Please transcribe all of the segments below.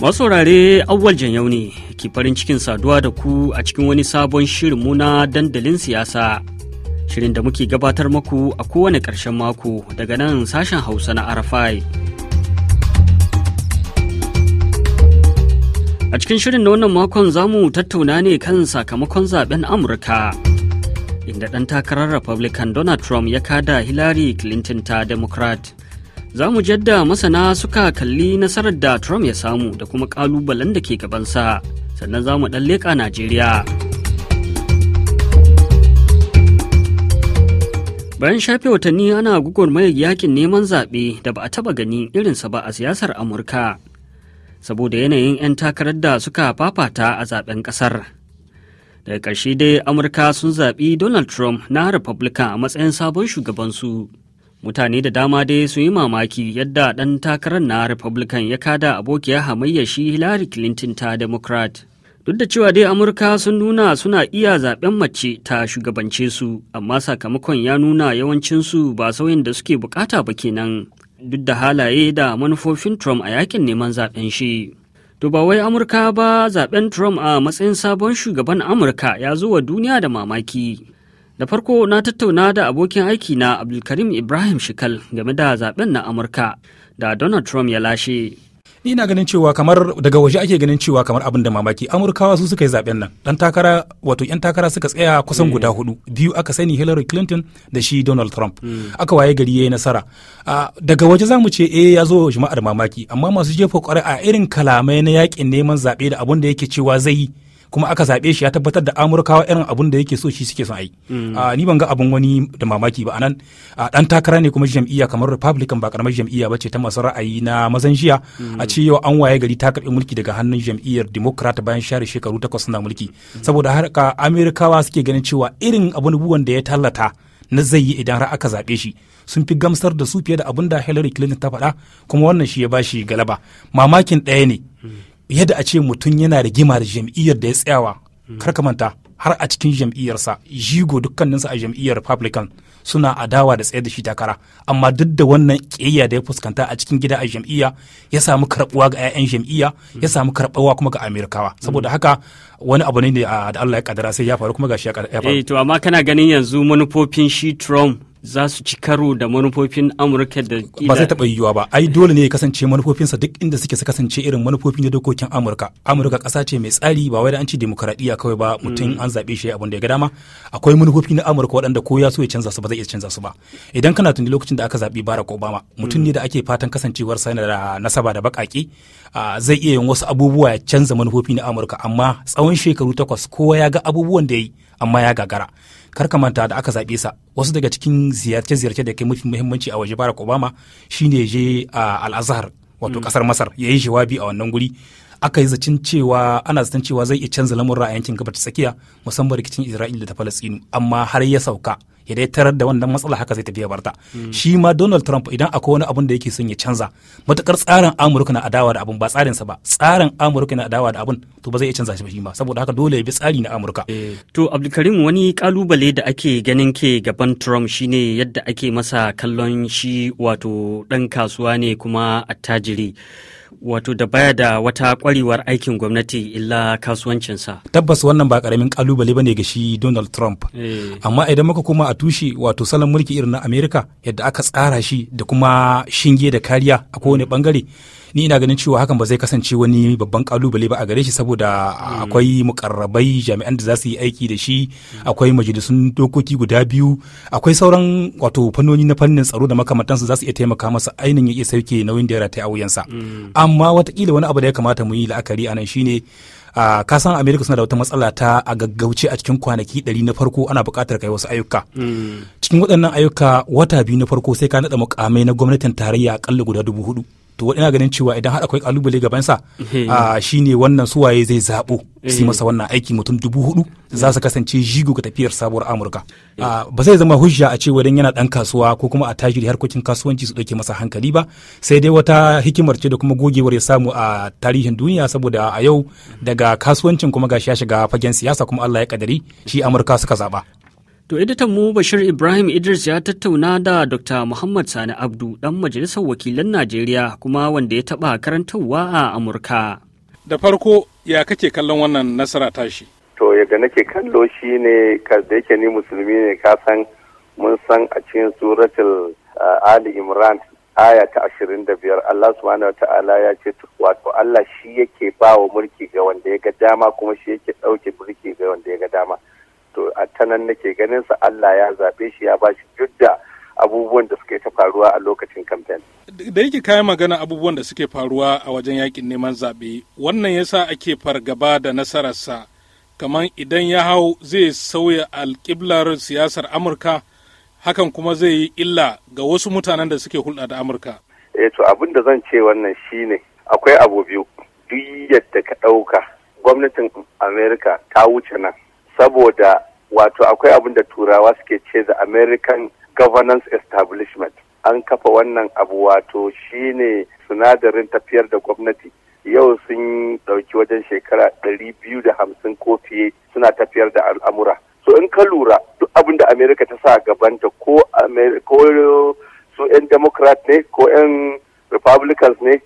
Masaurare awwal yau ne ki farin cikin saduwa da ku a cikin wani sabon shirin na dandalin siyasa. Shirin da muke gabatar maku a kowane ƙarshen mako daga nan sashen Hausa na Arafai. A cikin shirin na wannan makon za mu tattauna ne kan sakamakon zaben Amurka. Inda ɗan takarar Republican Donald Trump ya kada Hillary Clinton ta Democrat. za mu jadda masana suka kalli nasarar da Trump ya samu da kuma kalubalen da ke gabansa, sannan za mu ɗan leƙa Najeriya. Bayan shafe watanni ana gugurmayar yakin neman zaɓe da ba a taɓa gani irinsa ba a siyasar Amurka, saboda yanayin 'yan takarar da suka fafata a zaɓen ƙasar. daga ƙarshe dai amurka sun zaɓi donald trump na republican a matsayin sabon shugabansu mutane da dama dai su yi mamaki yadda ɗan takarar na republican ya kada abokiya hamayya shi hillary clinton ta democrat duk da cewa dai amurka sun nuna suna iya zaben mace ta shugabance su amma sakamakon ya nuna yawancinsu ba sauyin da suke bukata ba kenan duk da halaye da manufofin trump a yakin neman zaben shi to ba wai amurka ba zaben trump a matsayin sabon shugaban amurka ya zo wa duniya da mamaki Da farko na tattauna da abokin aiki na Abdulkarim Ibrahim Shikal game da zaben na Amurka da Donald Trump ya lashe. Ni ina ganin cewa kamar daga waje ake ganin cewa kamar abin da mamaki Amurkawa su suka yi zaben nan. Dan takara wato yan takara suka tsaya kusan hmm. guda hudu. Biyu aka sani Hillary Clinton da shi Donald Trump. Hmm. Aka waye gari yayi nasara. daga waje zamu ce eh ya zo jama'ar mamaki amma masu jefa a irin kalamai na yakin neman zaɓe da abun da yake cewa zai yi kuma aka zaɓe shi ya tabbatar da amurkawa irin abun da yake so shi suke son ai mm. ah, ni ban ga abun wani da mamaki ba anan dan ah, takara ne kuma jam'iyya kamar republican ba karamar jam'iyya ba ce ta masu ra'ayi na mazan jiya mm. a ce yau an waye gari ta karɓi mulki daga hannun jam'iyyar democrat bayan share shekaru takwas suna mulki mm. saboda haka amurkawa suke ganin cewa irin abubuwan da ya tallata na zai yi idan har aka zaɓe shi sun fi gamsar da su fiye da abin da Hillary Clinton ta faɗa kuma wannan shi ya ba shi galaba mamakin ɗaya ne yadda a ce mutum yana gima da jam'iyyar da ya tsayawa kar ka manta har a cikin jam'iyyarsa jigo dukkaninsa a jam'iyyar republican suna adawa da tsaye da shi takara amma duk da wannan ƙiyayya da ya fuskanta a cikin gida a jam'iyya ya samu karɓuwa ga 'ya'yan jam'iyya ya samu karɓuwa kuma ga amerikawa saboda mm. haka wani abu ne da Allah ya kadara sai ya faru kuma ga shi ya faru. Eh, to amma kana ganin yanzu manufofin shi Trump za su ci karo da manufofin amurka da ba zai taɓa yiwuwa ba ai dole ne ya kasance manufofinsa duk inda suke su kasance irin manufofin da dokokin amurka amurka ƙasa ce mai tsari ba wai da an ci demokaradiyya kawai ba mm. mutum an zaɓe shi abin da ya ga dama akwai manufofi na amurka waɗanda ko ya so ya canza su ba zai iya canza su ba idan kana tuni lokacin da aka zaɓi barack obama mutum ne mm. da ake fatan kasancewar sana da nasaba da baƙaƙe zai iya yin wasu abubuwa ya canza manufofi na amurka amma tsawon shekaru takwas kowa ya ga abubuwan da ya yi amma ya gagara kar ka manta da aka zaɓe sa wasu daga cikin ziyarce-ziyarce da ke mafi muhimmanci a waje barack obama shine je a al'azhar wato kasar mm. masar ya yi jawabi a wannan guri aka yi zancen cewa ana zaton cewa zai iya canza lamurra a yankin gabar tsakiya musamman rikicin isra'ila da falastinu amma har ya sauka ya dai tarar da wannan matsala haka zai tafi barta hmm. shi ma Donald Trump idan akwai wani abun da yake son ya canza matukar tsarin Amurka na adawa da abun ba tsarin sa ba tsarin Amurka na adawa da abun to ba zai iya canza shi ba shi ma saboda haka dole ya bi tsari na Amurka eh, to Abdulkarim wani kalubale da ake ganin ke gaban Trump shine yadda ake masa kallon shi wato dan kasuwa ne kuma attajiri wato da baya da wata kwarewar aikin gwamnati illa kasuwancinsa. Tabbas wannan ba karamin kalubale ne ga shi Donald Trump. Eh. Amma idan muka koma a tushe wato salon mulki irin na Amerika yadda aka tsara shi da kuma shinge da kariya a kowane bangare. ni ina ganin cewa hakan ba zai kasance wani babban kalubale ba a gare shi saboda akwai mm. mukarrabai jami'an da za su yi aiki da shi akwai majalisun dokoki guda biyu akwai sauran wato fannoni na fannin tsaro da makamantansu za su iya taimaka masa ainihin ya iya sauke nauyin da ya rataye a wuyansa mm. amma watakila wani abu da ya kamata mu yi la'akari a nan shine Uh, ka san america suna da wata matsala ta a gaggauce a cikin kwanaki ɗari na farko ana buƙatar kai wasu ayyuka mm. cikin waɗannan ayyuka wata biyu na farko sai ka naɗa mukamai na gwamnatin tarayya akalla guda dubu hudu to ina ganin cewa idan har akwai kalubale gabansa shine wannan suwaye zai zaɓo su masa wannan aiki mutum dubu hudu za su kasance jigo ga tafiyar sabuwar amurka ba zai zama hujja a ce wadan yana dan kasuwa ko kuma a tajiri harkokin kasuwanci su ɗauke masa hankali ba sai dai wata hikimar ce da kuma gogewar ya samu a tarihin duniya saboda a yau daga kasuwancin kuma gashi ya shiga fagen siyasa kuma allah ya kadari shi amurka suka zaba. To editan mu Bashir Ibrahim Idris ya tattauna da Dr. Muhammad Sani Abdu dan majalisar wakilan Najeriya kuma wanda ya taba karantarwa a Amurka. Da farko ya kake kallon wannan nasara tashi? To yaga nake kallo shi ne da yake ni musulmi ne ka san mun san a cikin suratul uh, Ali Imran aya ta ashirin da biyar Allah subhanahu wa ta'ala ya ce wato Allah shi yake ba wa mulki ga wanda ya ga dama kuma shi yake ɗauke mulki ga wanda ya ga dama. to a tanan nake ganin sa Allah ya zaɓe shi ya bashi jujja abubuwan da suke ta faruwa a lokacin kamfen. Da yake kayan magana abubuwan da suke faruwa a wajen yakin neman zaɓe wannan yasa ake fargaba da nasarar sa kamar idan ya hau zai sauya alƙiblar siyasar Amurka hakan kuma zai yi illa ga wasu mutanen da suke hulɗa da Amurka. Eh to abin da zan ce wannan shine akwai abu biyu duk yadda ka ɗauka gwamnatin Amerika ta wuce nan saboda wato akwai abin da turawa suke ce da american governance establishment an kafa wannan abu wato shine sinadarin tafiyar da gwamnati yau sun ɗauki wajen shekara ɗari biyu da hamsin ko fiye suna tafiyar da al'amura so in ka lura duk abin da america ta sa gabanta ko ko su 'yan democrat ne ko 'yan republicans ne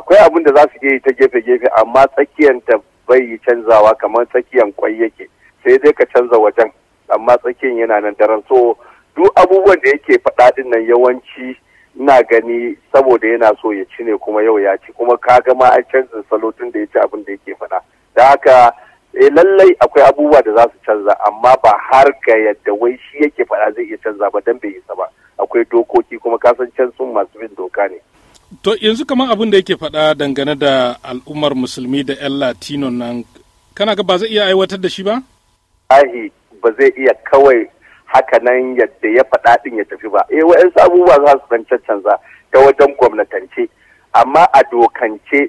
akwai abin da za su yi ta gefe-gefe amma tsakiyanta bai yi canzawa kamar tsakiyan kwai yake sai dai ka canza wajen amma tsakiyan yana nan daren so duk abubuwan da yake faɗa din nan yawanci ina gani saboda yana so ya ci ne kuma yau ya ci kuma ka ga ma an canza salo tun da ya ci abin da yake faɗa da haka e lallai akwai abubuwa da za su canza amma ba har ga yadda wai shi yake faɗa zai iya canza ba dan bai isa ba akwai dokoki kuma kasan can sun masu bin doka ne to yanzu kamar abin da yake faɗa dangane da al'ummar musulmi da 'yan latino nan kana ga ba zai iya aiwatar da shi ba Allahi ba zai iya kawai haka nan yadda ya faɗa ɗin ya tafi ba eh wa'yansu abubuwa za su dan cancanza ta wajen gwamnatance amma a dokance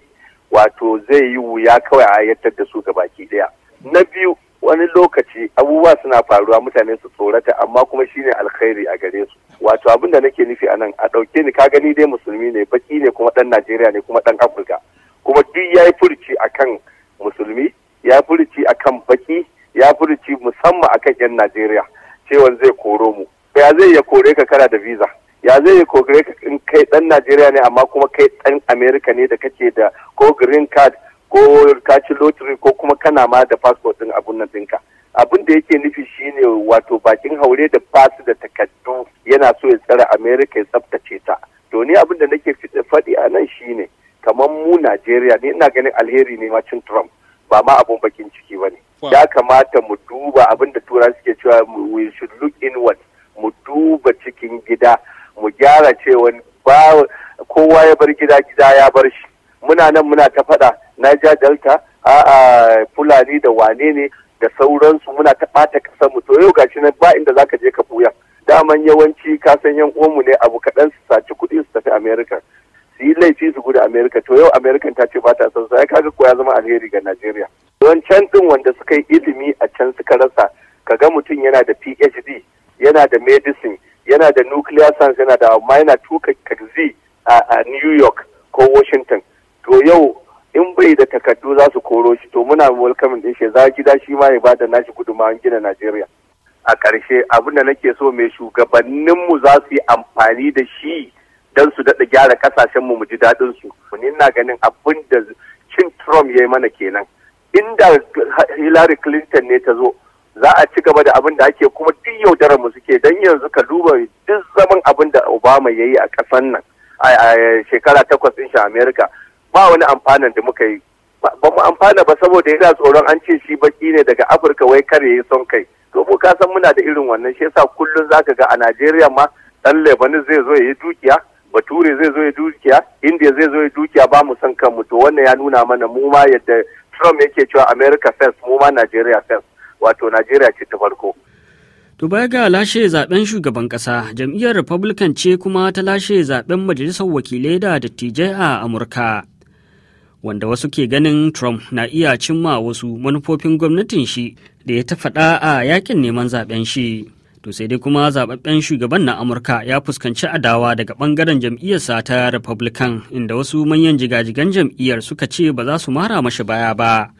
wato zai yi wuya kawai a yadda da su ga baki ɗaya na biyu wani lokaci abubuwa suna faruwa mutane su tsorata amma kuma shine alkhairi a gare su wato abin da nake nufi anan a ɗauke ni ka gani dai musulmi ne baki ne kuma ɗan najeriya ne kuma ɗan afirka kuma duk ya yi furci kan musulmi ya furci akan baki ya furuci musamman a kan 'yan Najeriya cewa zai koro mu. Ya zai ya kore ka kana da visa. Ya zai ya kore ka in kai ɗan Najeriya ne amma kuma kai ɗan Amerika ne da kake da ko green card ko ka ci lottery ko kuma kana ma da passport ɗin abun nan ɗinka. Abin da yake nufi shine wato bakin haure da basu da takaddu yana so ya tsara Amerika ya tsaftace ta. To ni abin da nake faɗi a nan shine kamar mu Najeriya ne ina ganin alheri ne ma cin Trump ba ma abun bakin ciki. ya kamata mu duba abinda da tura suke cewa we should look inward mu duba cikin gida mu gyara cewa ba kowa ya bar gida gida ya bar shi muna nan muna ta faɗa na Delta a Fulani da wane ne da sauransu muna ta ɓata ƙasar mu to yau gashi nan ba inda zaka je ka buya daman yawanci ka san yan mu ne abu kaɗan su saci kuɗi su tafi America su yi laifi su gudu America to yau american ta ce ba ta son sai kaga ko ya zama alheri ga Najeriya can din wanda suka yi ilimi a can suka rasa ka ga mutum yana da phd yana da medicine yana da nuclear science yana da amma yana tuka kazi a new york ko washington to yau in bai da takardu za su koro shi to muna welcoming din shi za gida shi ma ya bada nashi gudunmawan gina najeriya a ƙarshe abin da nake so mai shugabanninmu za su yi amfani da shi don su daɗa gyara ƙasashenmu mu ji daɗinsu. Ni ina ganin abin da cin Trump ya yi mana kenan. inda Hillary Clinton ne ta zo za a ci gaba da abin da ake kuma duk yaudarar mu suke don yanzu ka duba duk zaman abin da Obama ya yi a ƙasan nan a shekara takwas ɗin shi Amerika ba wani amfanin da muka yi ba mu amfana ba saboda yana tsoron an ce shi baki ne daga Afirka wai kar ya son kai to mu ka san muna da irin wannan shi yasa kullun ka ga a Najeriya ma dan Lebanon zai zo ya yi dukiya bature zai zo ya dukiya indiya zai zo ya dukiya ba mu san kanmu to wannan ya nuna mana mu ma yadda Trump yake cewa America first mu ma nigeria first wato nigeria ce ta farko. To baya ga lashe zaben shugaban kasa jam'iyyar Republican ce kuma ta lashe zaben majalisar wakilai da dattijai a Amurka. Wanda wasu ke ganin Trump na iya cimma wasu manufofin gwamnatin shi da ya ta faɗa a yakin neman zaben shi. To sai dai kuma zababben shugaban na Amurka ya fuskanci adawa daga bangaren jam'iyyarsa ta Republican inda wasu manyan jigajigan jam'iyyar suka ce ba za su mara mashi baya ba.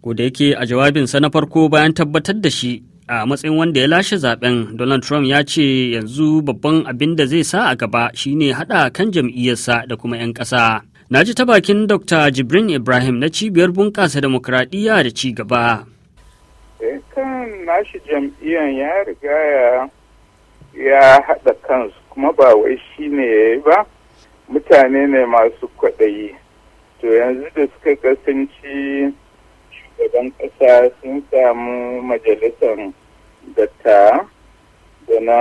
Ko da yake a jawabinsa na farko bayan tabbatar da shi a matsayin wanda ya lashe zaben Donald Trump ya ce yanzu babban abin da zai sa a gaba shine hada kan jam'iyyarsa da kuma 'yan ƙasa. Na ji ta bakin Dr. Jibrin Ibrahim na cibiyar bunƙasa demokradiyya da ci gaba. kan nashi jam'iyyan ya riga ya ya haɗa kansu kuma ba wai shi ne ya yi ba mutane ne masu kwaɗayi to yanzu da suka kasance shugaban ƙasa sun samu majalisar datta da na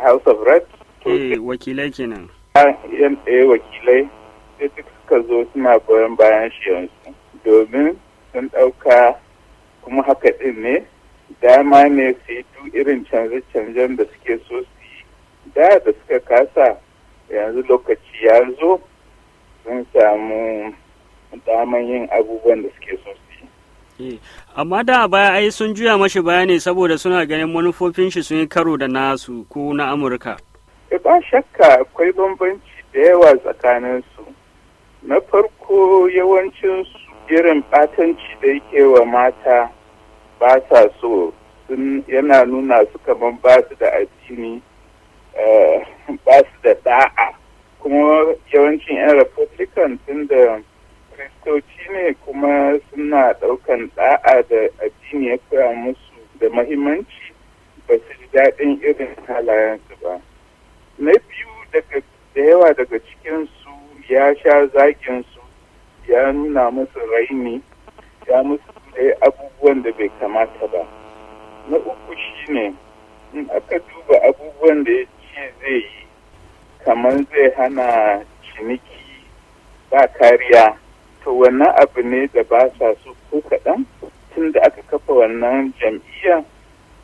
house of reps eh wakilai kenan yan ɗaya wakilai sai suka zo suna goyon bayan shi yanzu domin sun ɗauka kuma haka ɗin ne dama ne su yi duk irin canje-canjen da suke so su yi da da suka kasa yanzu lokaci ya zo sun samu daman yin abubuwan da suke so su yi. Eh, amma da baya ai sun juya mashi ne saboda suna ganin manufofin shi sun yi karo da nasu ko na Amurka. Eh, ba shakka akwai bambanci da yawa tsakanin su Na farko yawancinsu irin batanci da yake wa mata ba sa so sun yana nuna su kamar ba su da addini eh, ba su da da'a kuma yawancin 'yan republican tun da kristoci ne kuma suna daukan da'a da addini ya kura musu da mahimmanci ba su ji daɗin irin halayensu ba na biyu da yawa daga cikinsu ya sha zaginsu ya nuna masu raini ya musu abubuwan da bai kamata ba na uku shine in aka duba abubuwan da ya ce zai yi kamar zai hana ciniki ba kariya to wannan abu ne da ba sa so ko kaɗan tun da aka kafa wannan jam'iyya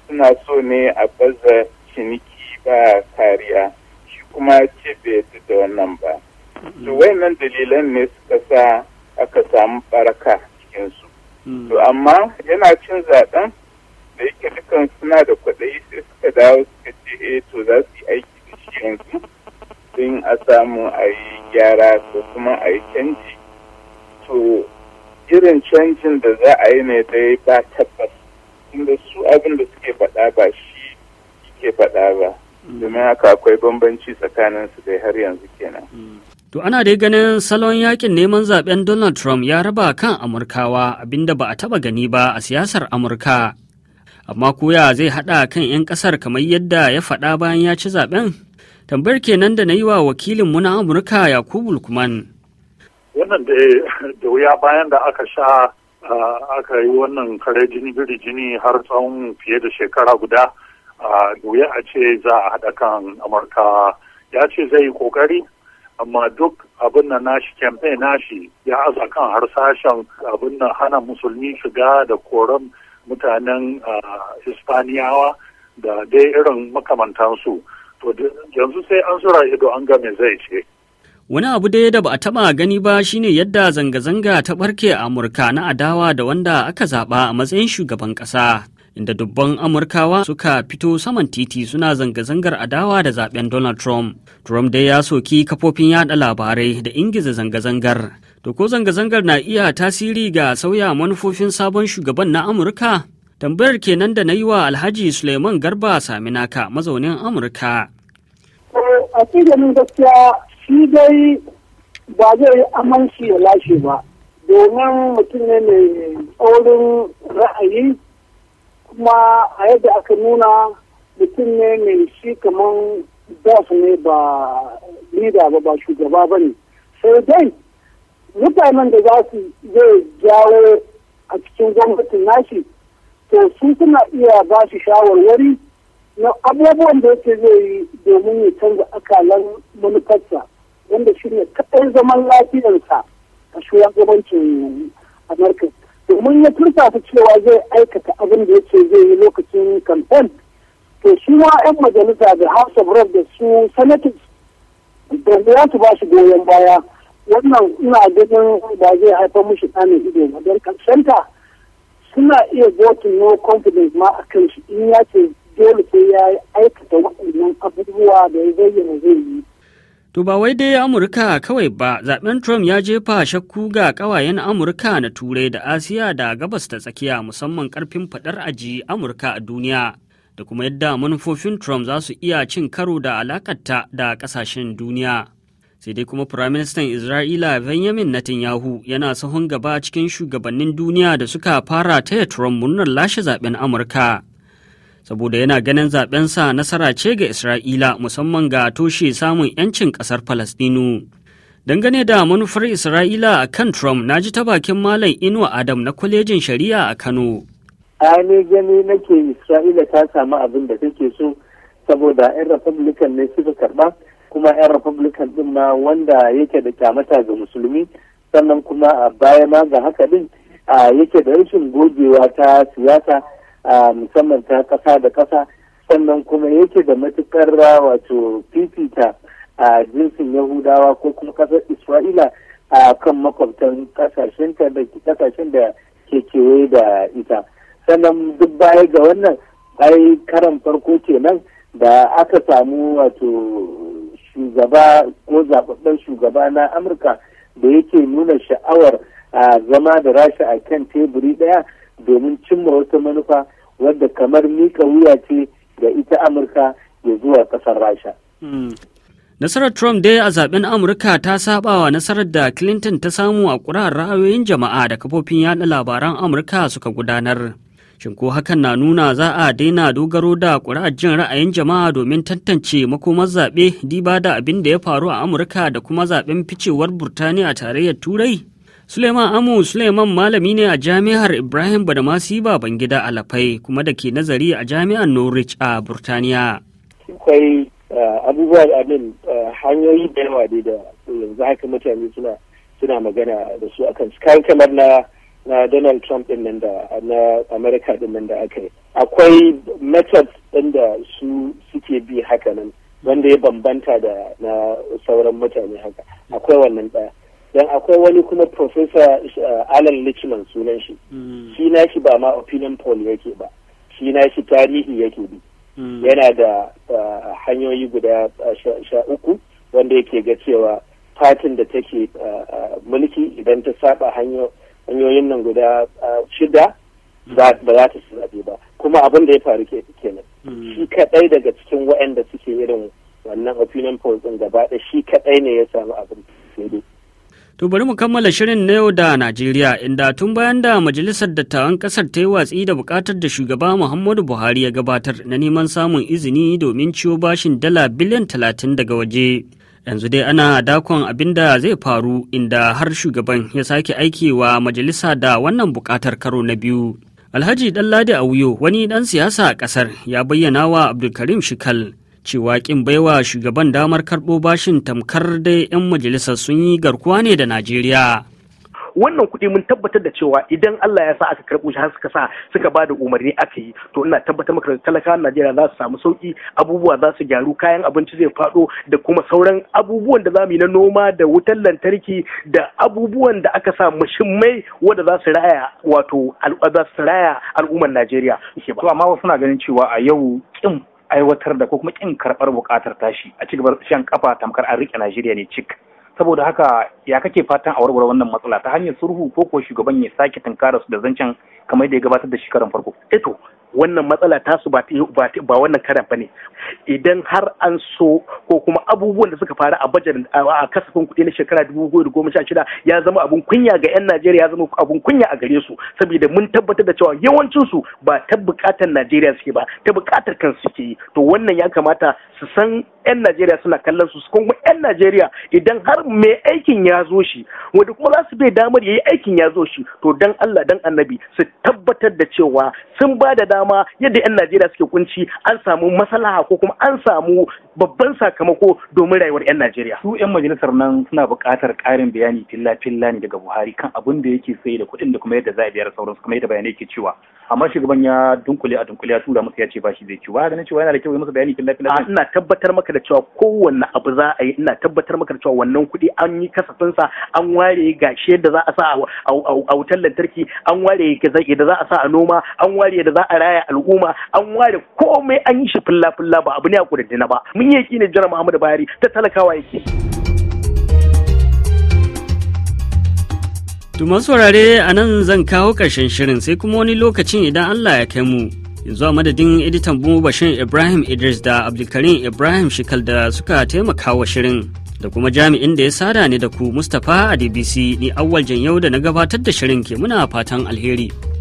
suna so ne a baza ciniki ba kariya shi kuma ce bai da wannan ba to mm-hmm. wayannan dalilan ne suka sa aka samu baraka cikinsu. Hmm. To amma yana cin zaɓen da yake dukan suna da kwaɗayi sai suka dawo suka ce eh to za su yi aiki da shi yanzu sun a samu a yi gyara ko kuma a yi canji. To irin canjin da za a yi ne dai ba tabbas inda su abin da suke faɗa ba shi suke faɗa ba. Hmm. Domin haka akwai bambanci tsakaninsu dai har yanzu kenan. Hmm. To ana dai ganin salon yakin neman zaben Donald Trump ya raba kan Amurkawa abinda ba a taba gani ba a siyasar Amurka. Amma koya zai hada kan 'yan kasar kamar yadda ya faɗa bayan ya ci zaben? Tambayar kenan da na yi wa wakilin mu na Amurka Yakubu Lukman. Wannan da wuya bayan da aka sha aka yi wannan kare jini biri jini har tsawon fiye da shekara guda da wuya a ce za a haɗa kan Amurka ya ce zai yi ƙoƙari amma duk abin na nashi kyamfe nashi ya aza kan harsashen abin na hana musulmi shiga da koran mutanen hispaniyawa da dai irin makamantansu to yanzu sai an sura ido an game zai ce wani abu dai da ba a taba gani ba shine yadda zanga-zanga ta barke a amurka na adawa da wanda aka zaba a matsayin shugaban kasa inda dubban Amurkawa suka fito saman titi suna zanga-zangar adawa da zaben Donald Trump. Trump dai ya soki kafofin yada labarai da ingiza zanga-zangar. To ko zanga-zangar na iya tasiri ga sauya manufofin sabon shugaban na Amurka? Tambayar kenan da na yi wa Alhaji Suleiman Garba Saminaka mazaunin Amurka. A cikin ba zai ya lashe ba domin mutum ne mai tsaurin ra'ayi kuma a yadda aka nuna mutum ne mai shi kamar boss ne ba lida ba ba shugaba ba ne sai dai mutanen da za su zai jawo a cikin gwamnatin nashi to su suna iya ba shi shawarwari na abubuwan da yake zai yi domin ya canza akalan manufarsa wanda shi ne kaɗai zaman lafiyarsa a shugabancin amurka domin ya tursasa cewa zai aikata abin da yake zai yi lokacin kamfen to shi ma 'yan majalisa da house of rep da su sanatis da ya su ba shi goyon baya wannan ina ganin ba zai haifar mushi kanin ido ba don suna iya votin no confidence ma a kan shi in ya ce dole sai ya aikata waɗannan abubuwa da ya zayyana zai yi To ba wai dai Amurka kawai ba, zaɓen Trump ya jefa shakku ga ƙawayen Amurka na Turai da Asiya da gabas ta tsakiya musamman ƙarfin faɗar aji Amurka a duniya da kuma yadda manufofin Trump za su iya cin karo da alakarta da ƙasashen duniya. Sai dai kuma Firaministan Isra'ila Benjamin Netanyahu yana sahun gaba cikin shugabannin duniya da suka fara taya Trump murnar lashe zaɓen Amurka. saboda yana ganin zaɓensa nasara ce ga Isra'ila musamman ga toshe samun 'yancin ƙasar Falasɗinu. Dangane da manufar Isra'ila a kan Trump, na ji ta bakin Malam Inuwa Adam na kwalejin shari'a a Kano. A ne gani nake Isra'ila ta samu abin da take so saboda 'yan Republican ne suka karɓa kuma 'yan Republican ɗin ma wanda yake da kyamata ga musulmi sannan kuma a baya ma ga haka ɗin yake da rashin gogewa ta siyasa musamman ta ƙasa da ƙasa sannan kuma yake da matukar wato fifita a jinsin yahudawa ko kuma kasar isra'ila a kan makwabtan ƙasashen da kasashen da ke kewaye da ita sannan duk baya ga wannan ai karan farko kenan da aka samu wato shugaba ko zababben shugaba na amurka da yake nuna sha'awar a zama da rasha a kan teburi daya domin cimma wata manufa wadda kamar mika wuya ce ga ita amurka ya zuwa kasar rasha hmm. nasarar trump dai a zaɓen amurka ta saba wa nasarar da clinton ta samu a ƙurar ra'ayoyin jama'a da kafofin yaɗa labaran amurka suka gudanar shin ko hakan na nuna za a daina dogaro da ƙuri'ar jin ra'ayin jama'a domin tantance makomar zaɓe diba da abin da ya faru a amurka da kuma zaɓen ficewar burtaniya a tarayyar turai Suleiman Amu Suleiman malami ne a jami'ar Ibrahim Badamasi Babangida Alafai kuma da ke nazari a jami'ar Norwich a Burtaniya. Akwai eh, abubuwa da abin eh, hanyoyi da yawa da yanzu haka mutane suna magana da su akan kan kamar na Donald Trump din nan da na America din nan da aka yi. Akwai methods din da su suke bi haka nan wanda ya bambanta da na sauran mutane haka. Akwai wannan ɗaya. dan akwai wani kuma professor eh, alan lichman sunan shi mm. shi na shi ba ma opinion poll yake ba shi na shi tarihi yake bi mm. yana da eh, hanyoyi guda eh, sha uku wanda yake ga cewa fatin da take mulki idan ta saba hanyoyin nan guda shida ba za ta zaɓe ba kuma abin da ya faru ke kenan mm. shi kaɗai daga cikin waɗanda suke irin wannan opinion poll ɗin gaba ɗaya shi kaɗai ne ya samu abin daidai To bari mu kammala shirin na yau da Najeriya inda tun bayan da Majalisar Dattawan Ƙasar ta yi watsi da bukatar da shugaba Muhammadu Buhari ya gabatar na neman samun izini domin ciwo bashin dala biliyan talatin daga waje. Yanzu dai ana dakon abin da zai faru inda har shugaban ya sake wa majalisa da wannan bukatar karo na biyu. Alhaji Ɗanladi Awuyo wani ɗan siyasa a ƙasar ya bayyana wa Abdulkarim Shikal cewa ƙin baiwa shugaban damar karɓo bashin tamkar da 'yan majalisar sun yi garkuwa ne da Najeriya. wannan kuɗi mun tabbatar da cewa idan Allah ya sa aka karɓo shi har suka sa suka ba da umarni aka yi to ina tabbatar maka da Najeriya za su samu sauki abubuwa za su gyaru kayan abinci zai faɗo da kuma sauran abubuwan da zamu yi na noma da wutar lantarki da abubuwan da aka sa mashimmai wanda za su raya wato za su raya al'ummar Najeriya. To amma wasu na ganin cewa a yau kin aiwatar da ko kuma kin karɓar buƙatar tashi a cigaba shan kafa tamkar an rike Najeriya ne cik saboda haka ya kake fatan a warware wannan matsala ta hanyar sulhu ko ko shugaban ya sake tunkara su da zancen kamar da ya gabatar da shi farko farko eh eto wannan matsala tasu ba ba wannan karan bane idan har an so ko kuma abubuwan da suka faru a bajar a kasafin kuɗi na shekara 2016 ya zama abun kunya ga 'yan Najeriya ya zama abun kunya a gare su saboda mun tabbatar da cewa yawancin su ba ta bukatar Najeriya suke ba ta bukatar kansu suke yi to wannan ya kamata su san 'yan Najeriya suna kallon su kuma 'yan Najeriya idan har mai aikin ya zo shi wanda kuma za su bai damar yayi aikin ya zo shi to dan Allah dan Annabi su tabbatar da cewa sun ba da dama dama yadda 'yan Najeriya suke kunci an samu maslaha ko kuma an samu babban sakamako domin rayuwar 'yan Najeriya. Su 'yan majalisar nan suna buƙatar ƙarin bayani filla-filla ne daga Buhari kan abin da yake sai da kuɗin da kuma yadda za a biyar sauransu kuma yadda bayanai yake cewa. Amma shugaban ya dunkule a dunkule ya tura masa ya ce ba shi zai ci ba ganin cewa yana da kyau ya masa bayani filla-filla. Ina tabbatar maka da cewa kowanne abu za a yi ina tabbatar maka da cewa wannan kuɗi an yi kasafinsa an ware gashi yadda za a sa a wutar lantarki an ware yadda za a sa a noma an ware yadda za a raya al'umma an ware komai an yi shi fulla fulla ba abu ne a kudin ba mun yi ne jiran Muhammadu bayari ta talakawa yake Tuman saurare a nan zan kawo ƙarshen shirin sai kuma wani lokacin idan Allah ya kai mu. Yanzu a madadin editan mu Bashir Ibrahim Idris da Abdulkarim Ibrahim Shikal da suka taimaka wa shirin. Da kuma jami'in da ya sada ne da ku Mustapha a DBC ni awwal yau da na gabatar da shirin ke muna fatan alheri.